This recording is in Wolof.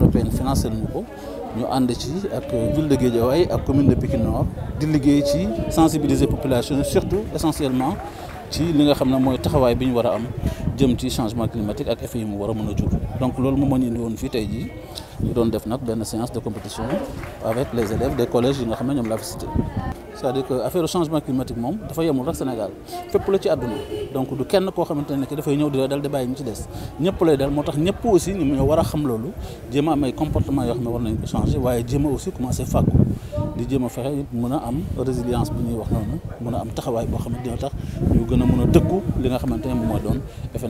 européenne financé nañu ko ñu ànd ci ak ville de Guédiawaye ak commune de Pikine Nord di liggéey ci sensibiliser population surtout essentiellement ci li nga xam ne mooy taxawaay bi ñu war a am jëm ci changement climatique ak effet mu war a mën a jur donc loolu moom moo ñu indi woon fii tey jii ñu doon def nag benn séance de compétition avec les élèves des collèges yi nga xam ne ñoom laa fi c'est-à-dire que affaire changement climatique moom dafa yemul rek Sénégal fépp la ci àdduna donc du kenn koo xamante ne que dafay ñëw di la dal di bàyyi ñu ci des ñëpp lay dal moo tax ñëpp aussi ñu ñoo war a xam loolu jéem a am ay comportement yoo xam ne war nañ ko changer waaye jéem a aussi commencer fàggu di jéem a fexe it mën a am résilience bu ñuy wax noonu mën a am taxawaay boo xam ne dina tax ñu gën a mun a dëkku li nga xamante ne moom moo doon effet